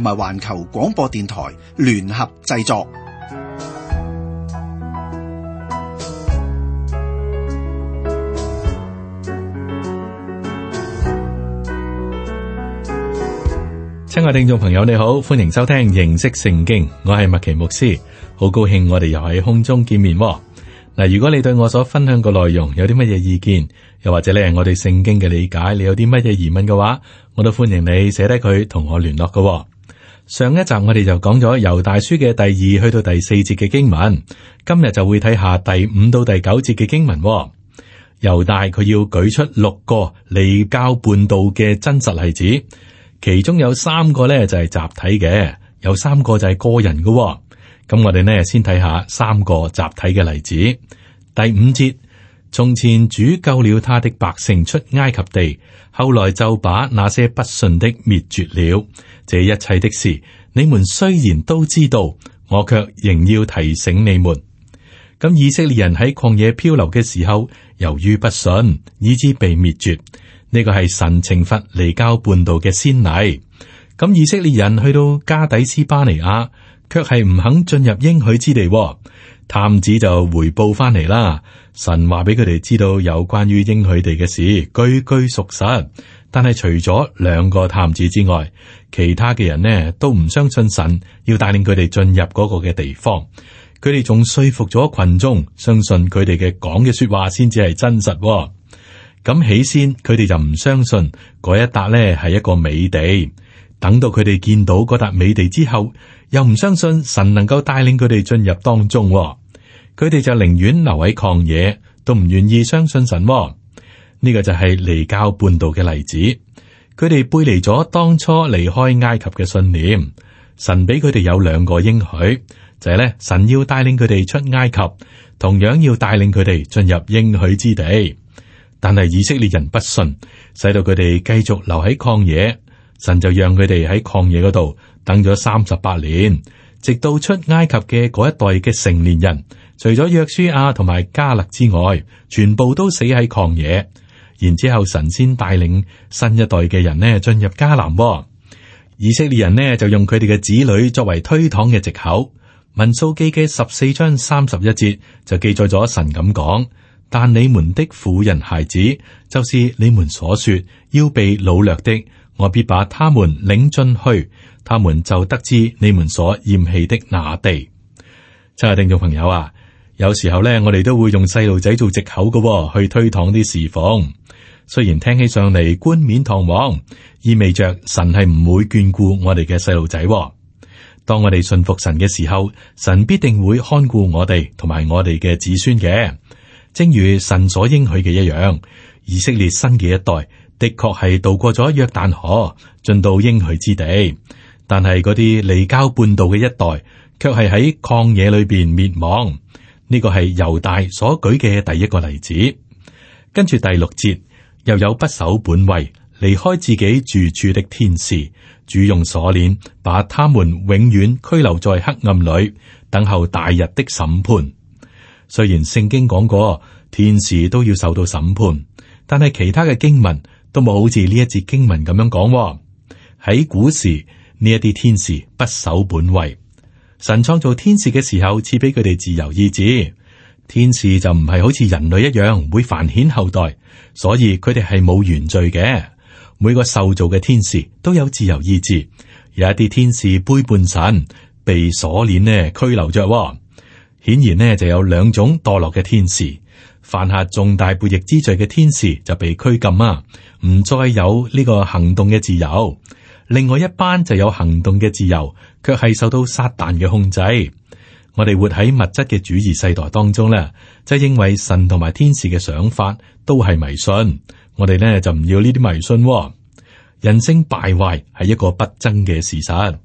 同埋環球廣播電台聯合製作。親愛聽眾朋友，你好，歡迎收聽認識聖經。我係麥奇牧師，好高興我哋又喺空中見面。嗱，如果你對我所分享個內容有啲乜嘢意見，又或者你係我哋聖經嘅理解，你有啲乜嘢疑問嘅話，我都歡迎你寫低佢同我聯絡噶。上一集我哋就講咗猶大書嘅第二去到第四節嘅經文，今日就會睇下第五到第九節嘅經文，哦。猶大佢要舉出六個離教叛道嘅真實例子，其中有三個咧就係、是、集體嘅，有三個就係個人嘅，哦。咁、嗯、我哋呢先睇下三個集體嘅例子，第五節。從前主救了他的百姓出埃及地，後來就把那些不信的滅絕了。這一切的事，你們雖然都知道，我却仍要提醒你們。咁以色列人喺曠野漂流嘅時候，由於不信，以致被滅絕。呢、這個係神懲罰離交叛道嘅先例，咁以色列人去到加底斯巴尼亞。卻係唔肯進入應許之地喎，探子就回報翻嚟啦。神話俾佢哋知道有關於應許地嘅事，句句屬實。但係除咗兩個探子之外，其他嘅人呢都唔相信神要帶領佢哋進入嗰個嘅地方。佢哋仲說服咗群眾相信佢哋嘅講嘅說話先至係真實喎。咁起先佢哋就唔相信嗰一笪呢係一個美地。等到佢哋見到嗰笪美地之後，又唔相信神能夠帶領佢哋進入當中，哦，佢哋就寧願留喺曠野，都唔願意相信神，哦。呢，這個就係離經叛道嘅例子。佢哋背離咗當初離開埃及嘅信念。神俾佢哋有兩個應許，就係、是、咧，神要帶領佢哋出埃及，同樣要帶領佢哋進入應許之地。但係以色列人不信，使到佢哋繼續留喺曠野。神就讓佢哋喺曠野嗰度等咗三十八年，直到出埃及嘅嗰一代嘅成年人，除咗約書亞同埋加勒之外，全部都死喺曠野。然之後，神先帶領新一代嘅人呢進入迦南。以色列人呢就用佢哋嘅子女作為推搪嘅借口。民數記嘅十四章三十一節就記載咗神咁講：但你們的婦人孩子，就是你們所說要被擄掠的。我必把他們領進去，他們就得知你們所厭棄的那地。親愛嘅聽眾朋友啊，有時候咧，我哋都會用細路仔做借口嘅，去推搪啲侍奉。雖然聽起上嚟冠冕堂皇，意味着神係唔會眷顧我哋嘅細路仔。當我哋信服神嘅時候，神必定會看顧我哋同埋我哋嘅子孫嘅，正如神所應許嘅一樣。以色列新嘅一代。的確係渡過咗約旦河，進到應許之地，但係嗰啲離經叛道嘅一代，卻係喺曠野裏邊滅亡。呢個係猶大所舉嘅第一個例子。跟住第六節，又有不守本位、離開自己住處的天使，主用鎖鏈把他們永遠拘留在黑暗裏，等候大日的審判。雖然聖經講過天使都要受到審判，但係其他嘅經文。都冇好似呢一節經文咁樣講喎，哦。喺古時呢一啲天使不守本位，神創造天使嘅時候賜俾佢哋自由意志，天使就唔係好似人類一樣會繁衍後代，所以佢哋係冇原罪嘅。每個受造嘅天使都有自由意志，有一啲天使背叛神，被鎖鏈呢拘留着，哦。顯然呢就有兩種墮落嘅天使，犯下重大背逆之罪嘅天使就被拘禁啊。唔再有呢個行動嘅自由，另外一班就有行動嘅自由，卻係受到撒旦嘅控制。我哋活喺物質嘅主義世代當中呢，即係認為神同埋天使嘅想法都係迷信。我哋呢就唔要呢啲迷信。人性敗壞係一個不爭嘅事實，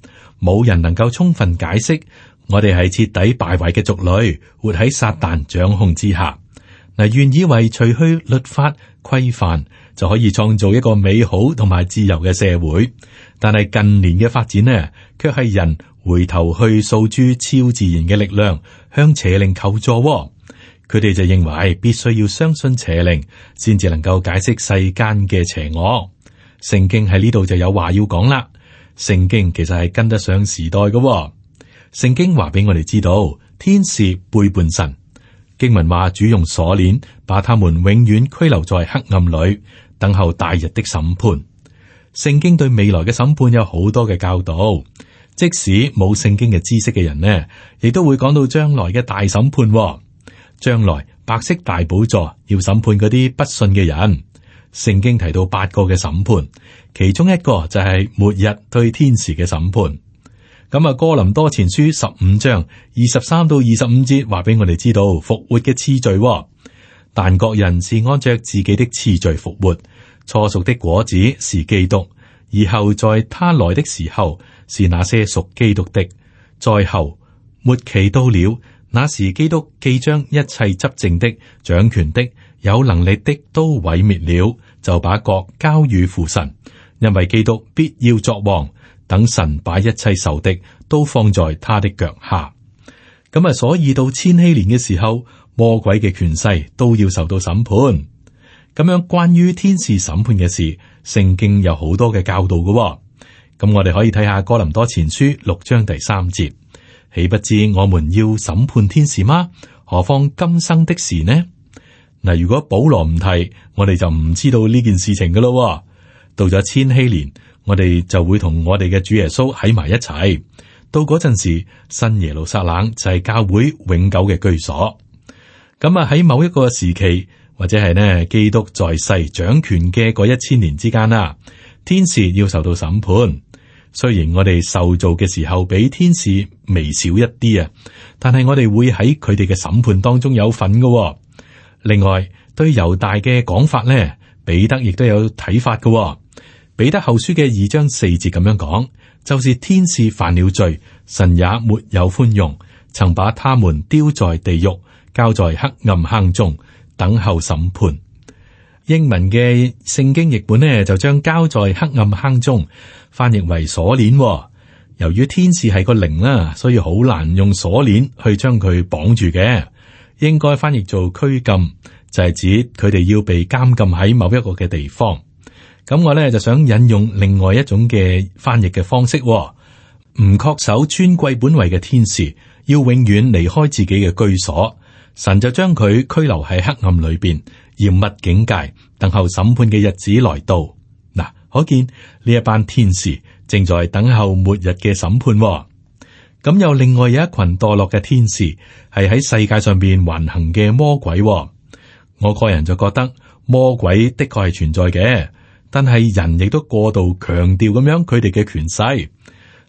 冇人能夠充分解釋。我哋係徹底敗壞嘅族類，活喺撒旦掌控之下。嗱，願以為除去律法規範，就可以創造一個美好同埋自由嘅社會，但係近年嘅發展呢，卻係人回頭去訴諸超自然嘅力量，向邪靈求助喎。佢哋就認為必須要相信邪靈，先至能夠解釋世間嘅邪惡。聖經喺呢度就有話要講啦。聖經其實係跟得上時代嘅喎。聖經話俾我哋知道，天使背叛神。經文話主用鎖鏈把他們永遠拘留在黑暗裏。等候大日的審判。聖經對未來嘅審判有好多嘅教導，即使冇聖經嘅知識嘅人呢，亦都會講到將來嘅大審判，哦。將來白色大寶座要審判嗰啲不信嘅人。聖經提到八個嘅審判，其中一個就係末日對天使嘅審判。咁啊，哥林多前書十五章二十三到二十五節話俾我哋知道復活嘅次序，哦，但各人是按著自己的次序復活。初熟的果子是基督，而後在他來的時候是那些屬基督的，再後末期到了，那時基督既將一切執政的、掌權的、有能力的都毀滅了，就把國交予父神，因為基督必要作王，等神把一切受的都放在他的腳下。咁啊，所以到千禧年嘅時候，魔鬼嘅權勢都要受到審判。咁樣關於天使審判嘅事，聖經有好多嘅教導噶喎。咁我哋可以睇下哥林多前書六章第三節，豈不知我們要審判天使嗎？何況今生的事呢？嗱，如果保羅唔提，我哋就唔知道呢件事情噶咯。到咗千禧年，我哋就會同我哋嘅主耶穌喺埋一齊。到嗰陣時，新耶路撒冷就係教會永久嘅居所。咁啊，喺某一個時期。或者係呢，基督在世掌權嘅嗰一千年之間啦，天使要受到審判。雖然我哋受造嘅時候比天使微小一啲啊，但係我哋會喺佢哋嘅審判當中有份㗎喎。另外，對猶大嘅講法呢，彼得亦都有睇法㗎喎。彼得後書嘅二章四節咁樣講，就是天使犯了罪，神也沒有寬容，曾把他們丟在地獄，交在黑暗坑中，等候審判，英文嘅聖經譯本呢，就將交在黑暗坑中翻譯為鎖鏈喎。由於天使係個靈啦，所以好難用鎖鏈去將佢綁住嘅，應該翻譯做拘禁，就係指佢哋要被監禁喺某一個嘅地方。咁我呢，就想引用另外一種嘅翻譯嘅方式喎，唔確守尊貴本位嘅天使，要永遠離開自己嘅居所。神就將佢拘留喺黑暗裏邊，嚴密警戒，等候審判嘅日子來到。嗱，可見呢一班天使正在等候末日嘅審判，哦。咁又另外有一群墮落嘅天使，係喺世界上邊橫行嘅魔鬼，哦。我個人就覺得魔鬼的確係存在嘅，但係人亦都過度強調咁樣佢哋嘅權勢，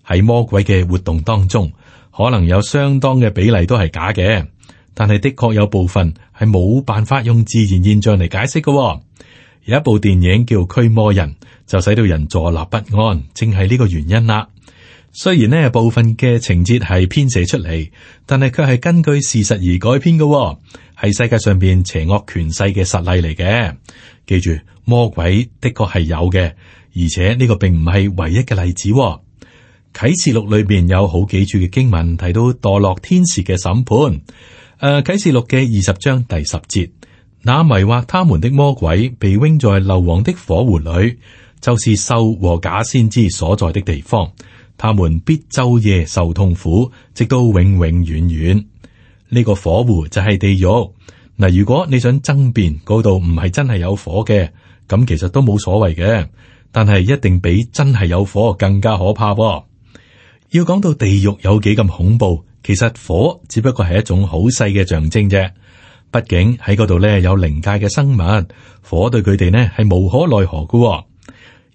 喺魔鬼嘅活動當中，可能有相當嘅比例都係假嘅。但係的確有部分係冇辦法用自然現象嚟解釋嘅，哦。有一部電影叫《驅魔人》，就使到人坐立不安，正係呢個原因啦。雖然呢部分嘅情節係編寫出嚟，但係佢係根據事實而改編嘅，哦，係世界上邊邪惡權勢嘅實例嚟嘅。記住，魔鬼的確係有嘅，而且呢個並唔係唯一嘅例子，哦。啟示錄裏邊有好幾處嘅經文提到墮落天使嘅審判。誒，啟、呃、示錄嘅二十章第十節，那迷惑他們的魔鬼被扔在硫磺的火湖裏，就是獸和假先知所在的地方。他們必晝夜受痛苦，直到永永遠遠。呢、這個火湖就係地獄。嗱、呃，如果你想爭辯嗰度唔係真係有火嘅，咁其實都冇所謂嘅。但係一定比真係有火更加可怕噃。要講到地獄有幾咁恐怖？其實火只不過係一種好細嘅象徵啫，畢竟喺嗰度咧有靈界嘅生物，火對佢哋呢，係無可奈何嘅。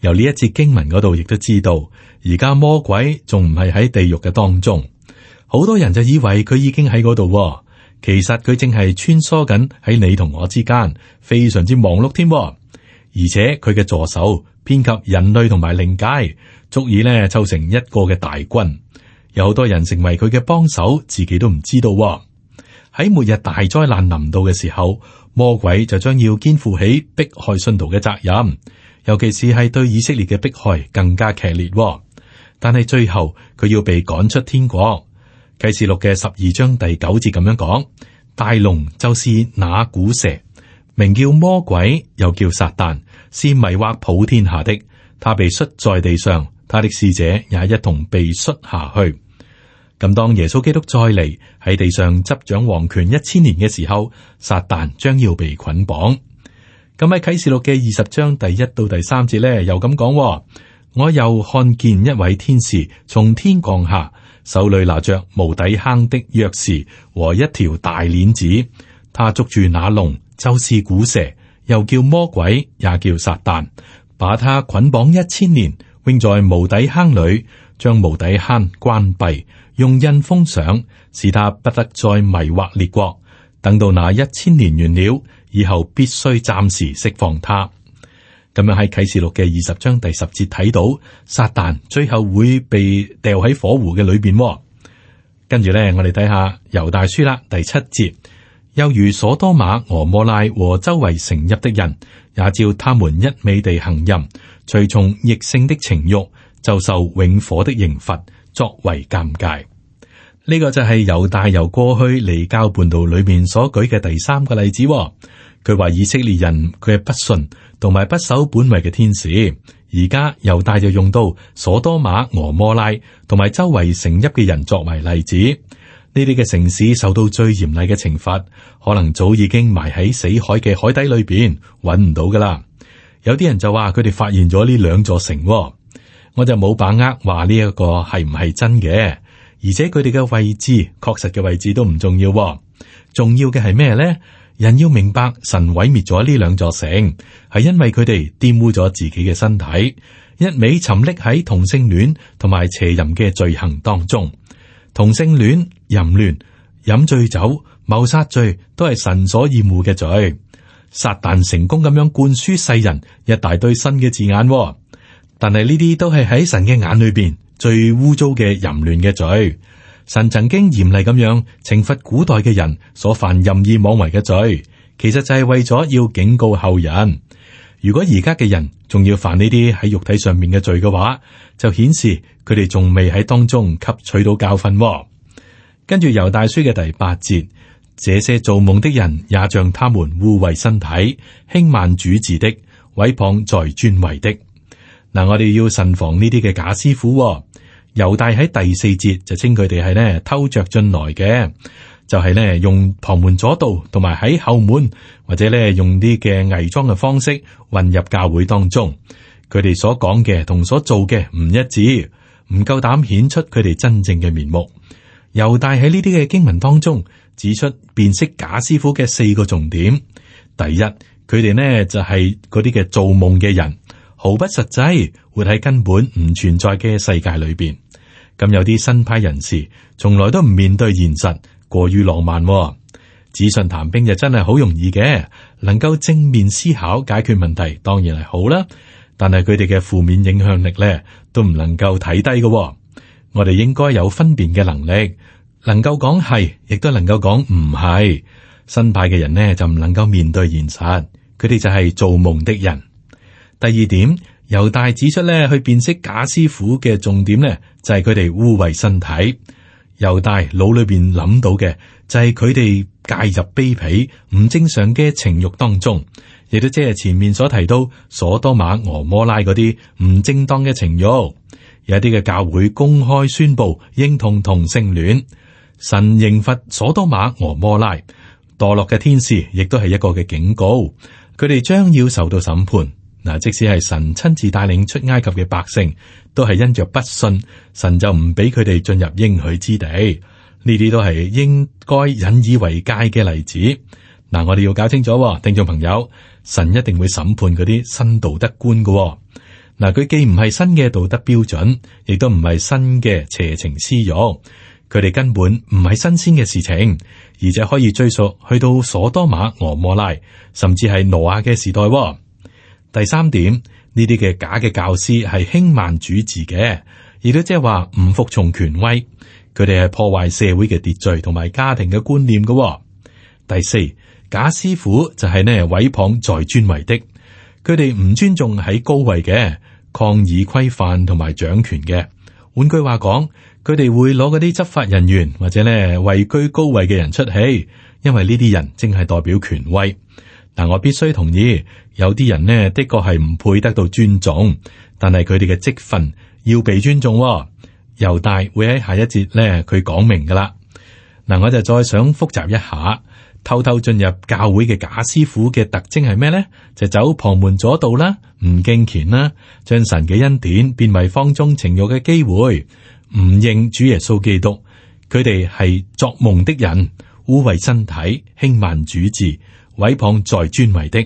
由呢一節經文嗰度亦都知道，而家魔鬼仲唔係喺地獄嘅當中，好多人就以為佢已經喺嗰度，其實佢正係穿梭緊喺你同我之間，非常之忙碌添。而且佢嘅助手遍及人類同埋靈界，足以呢，湊成一個嘅大軍。有好多人成為佢嘅幫手，自己都唔知道喎、哦。喺末日大災難臨到嘅時候，魔鬼就將要肩負起迫害信徒嘅責任，尤其是係對以色列嘅迫害更加劇烈、哦。但係最後佢要被趕出天國。啟示錄嘅十二章第九節咁樣講：大龍就是那古蛇，名叫魔鬼，又叫撒旦，是迷惑普天下的。他被摔在地上。他的使者也一同被摔下去。咁當耶穌基督再嚟喺地上執掌王權一千年嘅時候，撒旦將要被捆綁。咁喺啟示錄嘅二十章第一到第三節咧，又咁講：我又看見一位天使從天降下，手裏拿着無底坑的鑰匙和一條大鏈子，他捉住那龍，就是古蛇，又叫魔鬼，也叫撒旦，把他捆綁一千年。扔在無底坑裏，將無底坑關閉，用印封上，使他不得再迷惑列國。等到那一千年完了，以後必須暫時釋放他。咁樣喺啟示錄嘅二十章第十節睇到，撒旦最後會被掉喺火湖嘅裏邊。跟住咧，我哋睇下猶大書啦，第七節。又如所多瑪、俄摩拉和周圍城邑的人，也照他們一味地行淫，隨從逆性的情欲，就受永火的刑罰作為鑑戒。呢、這個就係猶大由過去離教叛道裏面所舉嘅第三個例子，哦。佢話以色列人佢係不信同埋不守本位嘅天使，而家猶大就用到所多瑪、俄摩拉同埋周圍城邑嘅人作為例子。呢啲嘅城市受到最嚴厲嘅懲罰，可能早已經埋喺死海嘅海底裏邊，揾唔到噶啦。有啲人就話佢哋發現咗呢兩座城，哦，我就冇把握話呢一個係唔係真嘅。而且佢哋嘅位置，確實嘅位置都唔重要，哦。重要嘅係咩咧？人要明白神毀滅咗呢兩座城，係因為佢哋玷污咗自己嘅身體，一味沉溺喺同性戀同埋邪淫嘅罪行當中，同性戀。淫亂、飲醉酒、謀殺罪，都係神所厭惡嘅罪。撒旦成功咁樣灌輸世人一大堆新嘅字眼，但係呢啲都係喺神嘅眼裏邊最污糟嘅淫亂嘅罪。神曾經嚴厲咁樣懲罰古代嘅人所犯任意妄為嘅罪，其實就係為咗要警告後人。如果而家嘅人仲要犯呢啲喺肉體上面嘅罪嘅話，就顯示佢哋仲未喺當中吸取到教訓。跟住猶大書嘅第八節，這些做夢的人也像他們護衛身體、輕慢主治的、毀謗在尊位的。嗱、啊，我哋要慎防呢啲嘅假師傅、哦。猶大喺第四節就稱佢哋係咧偷着進來嘅，就係、是、咧用旁門左道，同埋喺後門或者咧用啲嘅偽裝嘅方式混入教會當中。佢哋所講嘅同所做嘅唔一致，唔夠膽顯出佢哋真正嘅面目。又帶喺呢啲嘅經文當中指出辨識假師傅嘅四個重點。第一，佢哋呢就係嗰啲嘅造夢嘅人，毫不實際，活喺根本唔存在嘅世界裏邊。咁有啲新派人士從來都唔面對現實，過於浪漫、哦，紙上談兵就真係好容易嘅。能夠正面思考解決問題，當然係好啦。但係佢哋嘅負面影響力呢，都唔能夠睇低嘅、哦。我哋應該有分辨嘅能力，能夠講係，亦都能夠講唔係。新派嘅人呢，就唔能夠面對現實，佢哋就係做夢的人。第二點，猶大指出呢，去辨識假師傅嘅重點呢，就係佢哋污穢身體。猶大腦裏邊諗到嘅就係佢哋介入卑鄙、唔正常嘅情欲當中，亦都即係前面所提到所多瑪、俄摩拉嗰啲唔正當嘅情欲。有啲嘅教會公開宣布認同同，同性戀，神刑罰所多瑪俄摩拉，墮落嘅天使亦都係一個嘅警告，佢哋將要受到審判。嗱，即使係神親自帶領出埃及嘅百姓，都係因着不信，神就唔俾佢哋進入應許之地。呢啲都係應該引以為戒嘅例子。嗱，我哋要搞清楚，聽眾朋友，神一定會審判嗰啲新道德觀嘅、哦。嗱，佢既唔係新嘅道德標準，亦都唔係新嘅邪情私欲，佢哋根本唔係新鮮嘅事情，而且可以追溯去到索多瑪、俄摩拉，甚至係挪亞嘅時代。第三點，呢啲嘅假嘅教師係輕慢主治嘅，亦都即係話唔服從權威，佢哋係破壞社會嘅秩序同埋家庭嘅觀念嘅。第四，假師傅就係呢毀謗在尊位的，佢哋唔尊重喺高位嘅。抗議規範同埋掌權嘅。換句話講，佢哋會攞嗰啲執法人員或者呢位居高位嘅人出氣，因為呢啲人正係代表權威。嗱，我必須同意有啲人呢的確係唔配得到尊重，但係佢哋嘅職份要被尊重。猶大會喺下一節呢佢講明噶啦。嗱，我就再想復習一下。偷偷進入教會嘅假師傅嘅特徵係咩咧？就走旁門左道啦，唔敬虔啦，將神嘅恩典變為放縱情欲嘅機會，唔認主耶穌基督。佢哋係作夢的人，污穢身體，輕慢主治，毀謗在尊位的。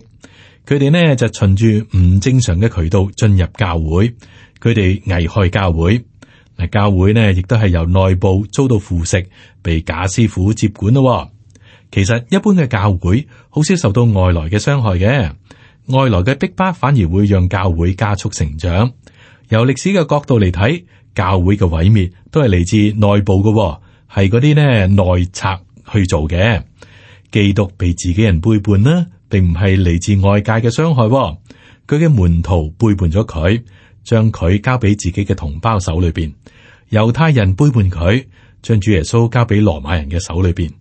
佢哋呢就循住唔正常嘅渠道進入教會，佢哋危害教會。嗱，教會呢亦都係由內部遭到腐蝕，被假師傅接管咯。其實一般嘅教會好少受到外來嘅傷害嘅，外來嘅逼迫反而會讓教會加速成長。由歷史嘅角度嚟睇，教會嘅毀滅都係嚟自內部嘅，係嗰啲呢內賊去做嘅。基督被自己人背叛啦，並唔係嚟自外界嘅傷害。佢嘅門徒背叛咗佢，將佢交俾自己嘅同胞手裏邊。猶太人背叛佢，將主耶穌交俾羅馬人嘅手裏邊。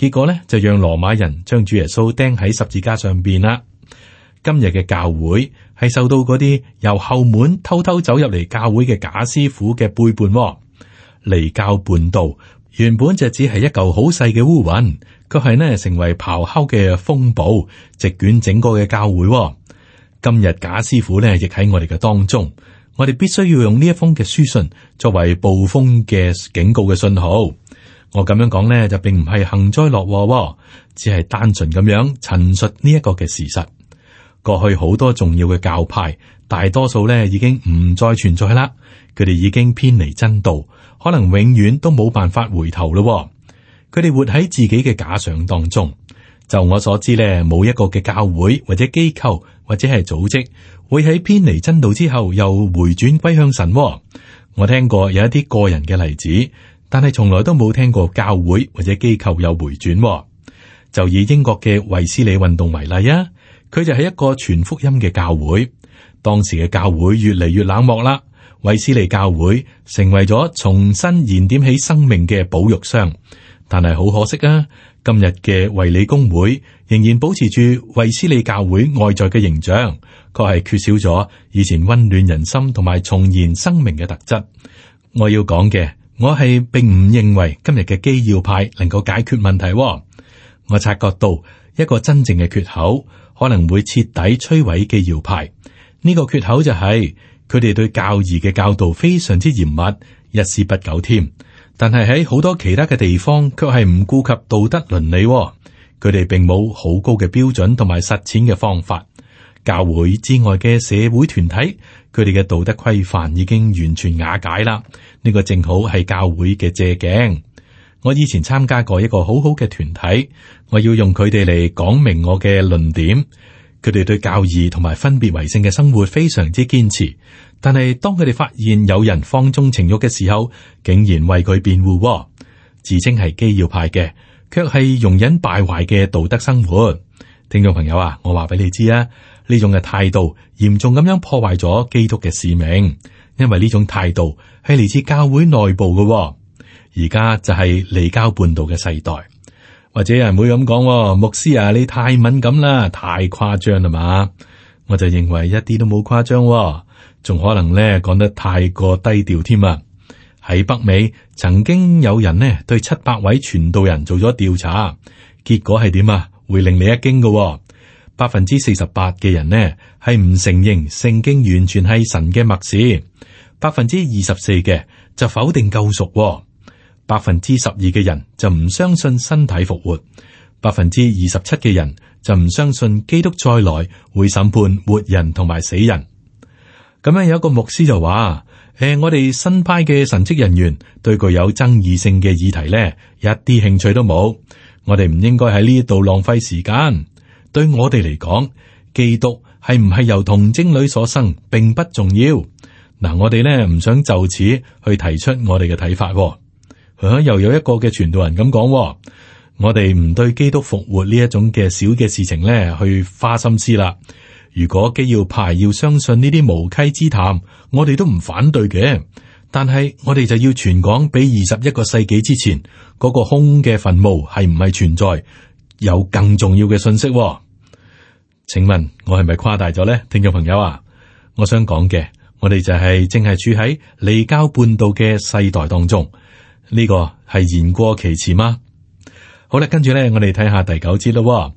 結果咧就讓羅馬人將主耶穌釘喺十字架上邊啦。今日嘅教會係受到嗰啲由後門偷偷走入嚟教會嘅假師傅嘅背叛、哦，離教叛道。原本就只係一嚿好細嘅烏雲，佢係呢成為咆哮嘅風暴，席捲整個嘅教會、哦。今日假師傅呢，亦喺我哋嘅當中，我哋必須要用呢一封嘅書信作為暴風嘅警告嘅信號。我咁樣講呢，就並唔係幸災樂禍，只係單純咁樣陳述呢一個嘅事實。過去好多重要嘅教派，大多數呢已經唔再存在啦。佢哋已經偏離真道，可能永遠都冇辦法回頭咯。佢哋活喺自己嘅假想當中。就我所知呢，冇一個嘅教會或者機構或者係組織會喺偏離真道之後又回轉歸向神。我聽過有一啲個人嘅例子。但係從來都冇聽過教會或者機構有回轉喎，就以英國嘅衛斯理運動為例啊。佢就係一個全福音嘅教會，當時嘅教會越嚟越冷漠啦。衛斯理教會成為咗重新燃點起生命嘅保育商，但係好可惜啊。今日嘅衛理公會仍然保持住衛斯理教會外在嘅形象，卻係缺少咗以前溫暖人心同埋重燃生命嘅特質。我要講嘅。我係並唔認為今日嘅基要派能夠解決問題，哦。我察覺到一個真正嘅缺口，可能會徹底摧毀基要派。呢、這個缺口就係佢哋對教義嘅教導非常之嚴密，一絲不苟添。但係喺好多其他嘅地方，卻係唔顧及道德倫理，哦。佢哋並冇好高嘅標準同埋實踐嘅方法。教會之外嘅社會團體。佢哋嘅道德規範已經完全瓦解啦，呢、這個正好係教會嘅借鏡。我以前參加過一個好好嘅團體，我要用佢哋嚟講明我嘅論點。佢哋對教義同埋分別為聖嘅生活非常之堅持，但係當佢哋發現有人放縱情欲嘅時候，竟然為佢辯護，自稱係基要派嘅，卻係容忍敗壞嘅道德生活。聽眾朋友啊，我話俾你知啊。呢種嘅態度嚴重咁樣破壞咗基督嘅使命，因為呢種態度係嚟自教會內部嘅。而家就係離經叛道嘅世代，或者有人會咁講，牧師啊，你太敏感啦，太誇張啦嘛。我就認為一啲都冇誇張，仲可能咧講得太過低調添啊！喺北美曾經有人呢對七百位傳道人做咗調查，結果係點啊？會令你一驚嘅。百分之四十八嘅人呢係唔承認聖經完全係神嘅默示；百分之二十四嘅就否定救贖、哦，百分之十二嘅人就唔相信身體復活，百分之二十七嘅人就唔相信基督再來會審判活人同埋死人。咁樣有一個牧師就話：誒、呃，我哋新派嘅神職人員對具有爭議性嘅議題呢，一啲興趣都冇，我哋唔應該喺呢度浪費時間。對我哋嚟講，基督係唔係由童貞女所生，並不重要。嗱，我哋呢唔想就此去提出我哋嘅睇法。吓、啊，又有一個嘅傳道人咁講，我哋唔對基督復活呢一種嘅小嘅事情呢去花心思啦。如果既要排要相信呢啲無稽之談，我哋都唔反對嘅。但係我哋就要全講，畀二十一個世紀之前嗰、那個空嘅墳墓係唔係存在？有更重要嘅信息。哦，請問我係咪誇大咗呢？聽眾朋友啊，我想講嘅，我哋就係正係處喺離經叛道嘅世代當中，呢個係言過其詞嗎？好啦，跟住咧，我哋睇下第九節啦。哦。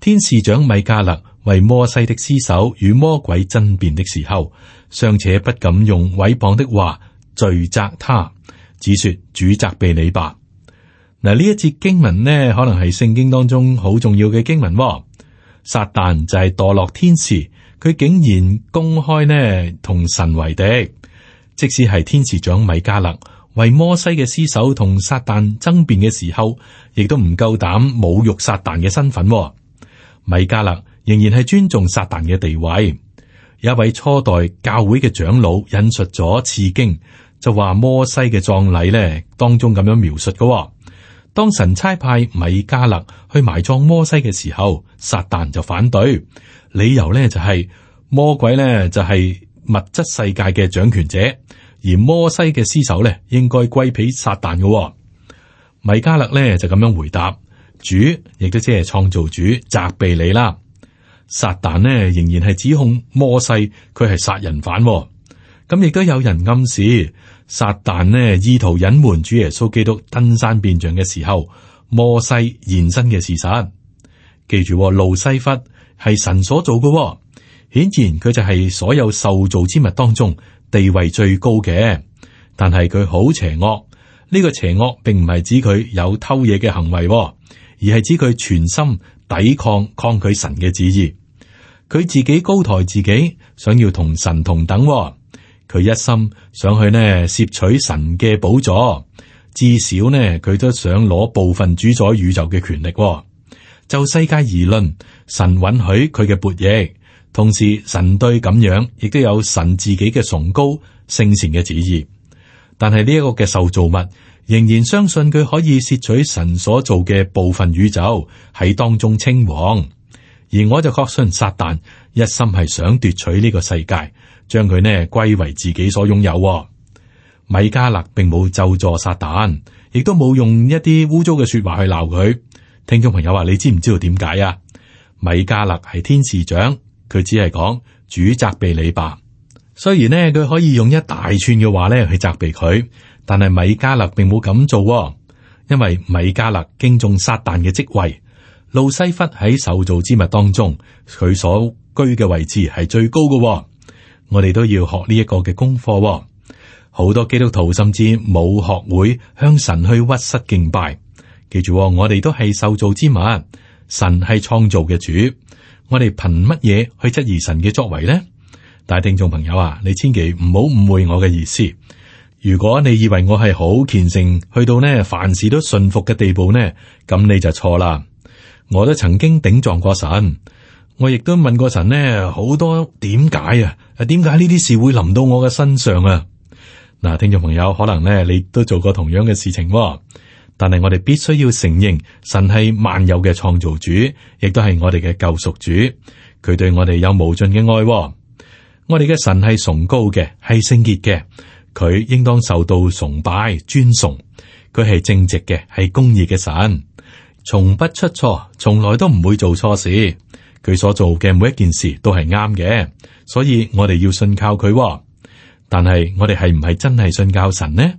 天使長米迦勒為摩西的屍首與魔鬼爭辯的時候，尚且不敢用毀謗的話罪責他，只說主責備你吧。嗱，呢一節經文呢，可能係聖經當中好重要嘅經文喎。撒旦就係墮落天使，佢竟然公開呢同神為敵。即使係天使長米迦勒為摩西嘅屍首同撒旦爭辯嘅時候，亦都唔夠膽侮辱撒旦嘅身份喎。米迦勒仍然係尊重撒旦嘅地位。有一位初代教會嘅長老引述咗次經，就話摩西嘅葬禮呢，當中咁樣描述嘅喎。當神差派米加勒去埋葬摩西嘅時候，撒旦就反對，理由咧就係魔鬼咧就係物質世界嘅掌權者，而摩西嘅屍首咧應該歸俾撒但嘅。米加勒咧就咁樣回答主，主，亦都即係創造主責備你啦。撒旦呢仍然係指控摩西佢係殺人犯，咁亦都有人暗示。撒但呢，意圖隱瞞主耶穌基督登山變像嘅時候，摩西現身嘅事實。記住、哦，路西弗係神所做嘅、哦，顯然佢就係所有受造之物當中地位最高嘅。但係佢好邪惡，呢、這個邪惡並唔係指佢有偷嘢嘅行為、哦，而係指佢全心抵抗抗拒神嘅旨意，佢自己高抬自己，想要同神同等、哦。佢一心想去呢，攝取神嘅寶座，至少呢，佢都想攞部分主宰宇宙嘅權力喎。就世界而論，神允許佢嘅悖逆，同時神對咁樣亦都有神自己嘅崇高聖善嘅旨意。但係呢一個嘅受造物，仍然相信佢可以攝取神所造嘅部分宇宙，喺當中稱王。而我就確信撒旦。一心係想奪取呢個世界，將佢呢歸為自己所擁有，哦。米迦勒並冇咒詛撒旦，亦都冇用一啲污糟嘅說話去鬧佢。聽眾朋友啊，你知唔知道點解啊？米迦勒係天使長，佢只係講主責備你吧。雖然呢，佢可以用一大串嘅話呢去責備佢，但係米迦勒並冇咁做，哦，因為米迦勒敬重撒旦嘅職位。路西弗喺受造之物當中，佢所。居嘅位置係最高嘅喎，我哋都要學呢一個嘅功課喎。好多基督徒甚至冇學會向神去屈膝敬拜。記住喎，我哋都係受造之物，神係創造嘅主。我哋憑乜嘢去質疑神嘅作為呢？但係聽眾朋友啊，你千祈唔好誤會我嘅意思。如果你以為我係好虔誠，去到呢凡事都信服嘅地步呢，咁你就錯啦。我都曾經頂撞過神。我亦都問過神咧，好多點解啊？啊，點解呢啲事會臨到我嘅身上啊？嗱，聽眾朋友，可能咧你都做過同樣嘅事情，哦，但係我哋必須要承認，神係萬有嘅創造主，亦都係我哋嘅救贖主。佢對我哋有無盡嘅愛，哦。我哋嘅神係崇高嘅，係聖潔嘅，佢應當受到崇拜、尊崇。佢係正直嘅，係公義嘅神，從不出錯，從來都唔會做錯事。佢所做嘅每一件事都係啱嘅，所以我哋要信靠佢，哦。但係我哋係唔係真係信靠神呢？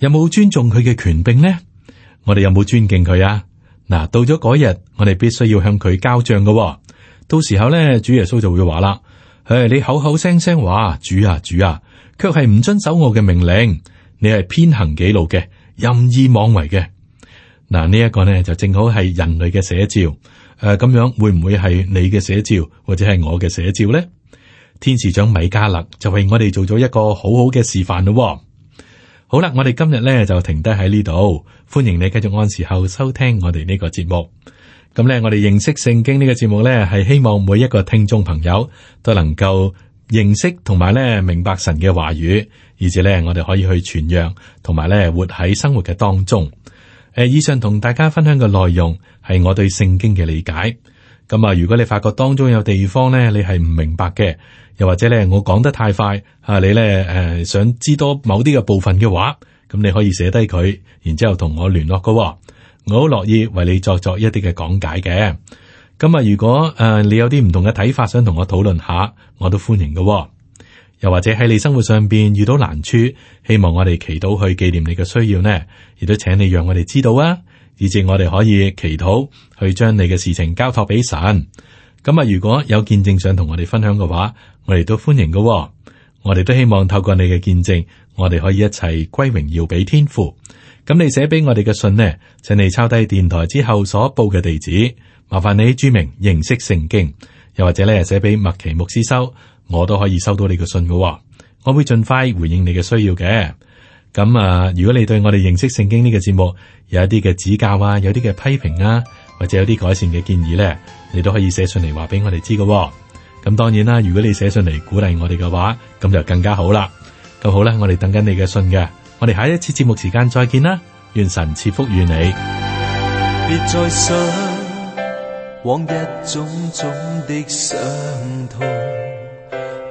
有冇尊重佢嘅權柄呢？我哋有冇尊敬佢啊？嗱，到咗嗰日，我哋必須要向佢交賬嘅，哦。到時候呢，主耶穌就會話啦：唉，哎，你口口聲聲話主啊主啊，卻係唔遵守我嘅命令，你係偏行己路嘅，任意妄為嘅。嗱，呢一個呢，就正好係人類嘅寫照，誒、呃，咁樣會唔會係你嘅寫照，或者係我嘅寫照呢？天使長米迦勒就為我哋做咗一個好好嘅示範咯、哦。好啦，我哋今日呢，就停低喺呢度，歡迎你繼續按時候收聽我哋呢個節目。咁咧，我哋認識聖經呢、呢個節目呢，係希望每一個聽眾朋友都能夠認識同埋咧明白神嘅話語，而且呢，我哋可以去傳揚，同埋咧活喺生活嘅當中。誒，以上同大家分享嘅內容係我對聖經嘅理解。咁啊，如果你發覺當中有地方咧，你係唔明白嘅，又或者咧我講得太快啊，你咧誒，想知多某啲嘅部分嘅話，咁你可以寫低佢，然之後同我聯絡噶。我好樂意為你作作一啲嘅講解嘅。咁啊，如果誒你有啲唔同嘅睇法，想同我討論下，我都歡迎噶。又或者喺你生活上邊遇到難處，希望我哋祈禱去紀念你嘅需要呢，亦都請你讓我哋知道啊，以致我哋可以祈禱去將你嘅事情交託俾神。咁啊，如果有見證想同我哋分享嘅話，我哋都歡迎噶喎。我哋都希望透過你嘅見證，我哋可以一齊歸榮耀俾天父。咁你寫俾我哋嘅信呢，請你抄低電台之後所報嘅地址，麻煩你注明認識聖經，又或者呢，寫俾麥奇牧師收。我都可以收到你嘅信嘅，哦，我會盡快回應你嘅需要嘅。咁啊，如果你對我哋認識聖經呢個節目有一啲嘅指教啊，有啲嘅批評啊，或者有啲改善嘅建議咧，你都可以寫信嚟話俾我哋知嘅。咁當然啦，如果你寫信嚟鼓勵我哋嘅話，咁就更加好啦。咁好啦，我哋等緊你嘅信嘅，我哋下一次節目時間再見啦，願神賜福與你。別再想往日種，種種的傷痛。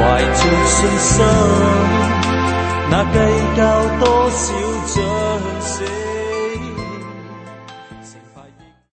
懷着信心，那計較多少獎？